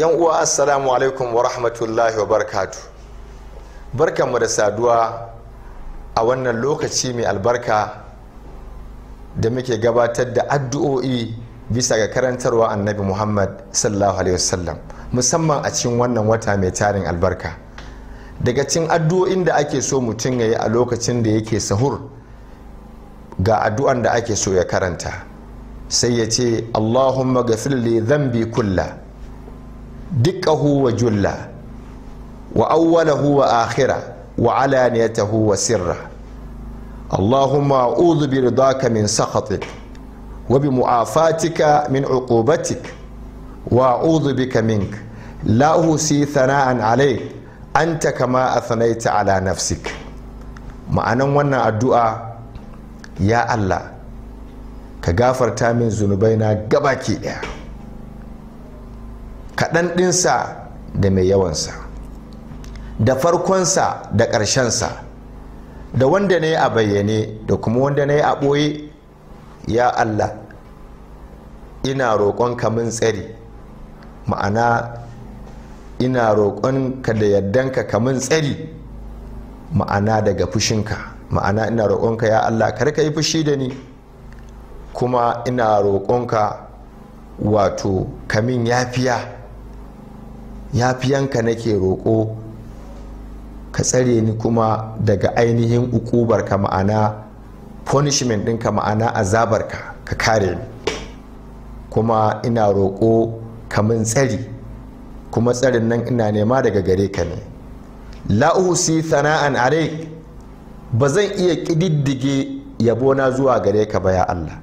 yan uwa assalamu alaikum wa rahmatullahi wa barakatu barkanmu da saduwa a wannan lokaci mai albarka da muke gabatar da addu'o'i bisa ga karantarwa annabi muhammad sallallahu alaihi wasallam musamman a cikin wannan wata mai tarin albarka daga cikin addu'o'in da ake so mutum ya yi a lokacin da yake sahur ga addu'an da ake so ya karanta sai ya ce allahumma gafir li dhanbi kulla dukkahu wa julla wa awwalahu wa akhira wa alaniyatahu wa sirra allahumma a'udhu bi ridaka min sakhatik wa bi mu'afatika min uqubatik wa a'udhu bika mink la uhsi thana'an an takama a sanaita ala nafsik ma'anan wannan addu'a ya Allah ka gafarta min zunubai zunubaina gabaki daya kaɗan ɗinsa da mai yawansa da farkonsa da ƙarshensa da wanda na yi a bayyane da kuma wanda na yi a ɓoye ya allah ina roƙonka min tsari ma'ana ina ka da yardanka ka min tsari ma'ana daga fushinka ma'ana ina roƙonka ya allah kar ka yi fushi da ni kuma ina roƙonka wato kamin yafiya yafiyanka nake roƙo ka tsare ni kuma daga ainihin ukubar ka ma'ana punishment ɗinka ma'ana azabarka ka kare ni kuma ina roƙo kamun tsari kuma tsarin nan ina nema daga gare ka ne lausi sana'an are ba zan iya ƙididdige yabona zuwa gare ka ba ya Allah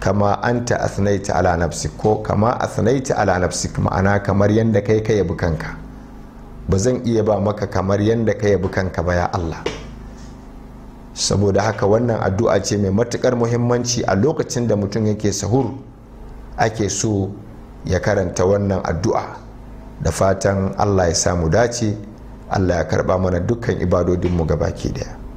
kama anta asnaita ala nafsi ko kama asnaita ala nafsi ma'ana kamar yadda kai ka yabi kanka ba zan iya ba maka kamar yadda ka yabi kanka ba ya Allah saboda haka wannan addu'a ce mai matukar muhimmanci a lokacin da mutum yake sahur ake so ya karanta wannan addu'a da fatan Allah ya samu dace Allah ya karba mana dukkan ibadodinmu gabaki daya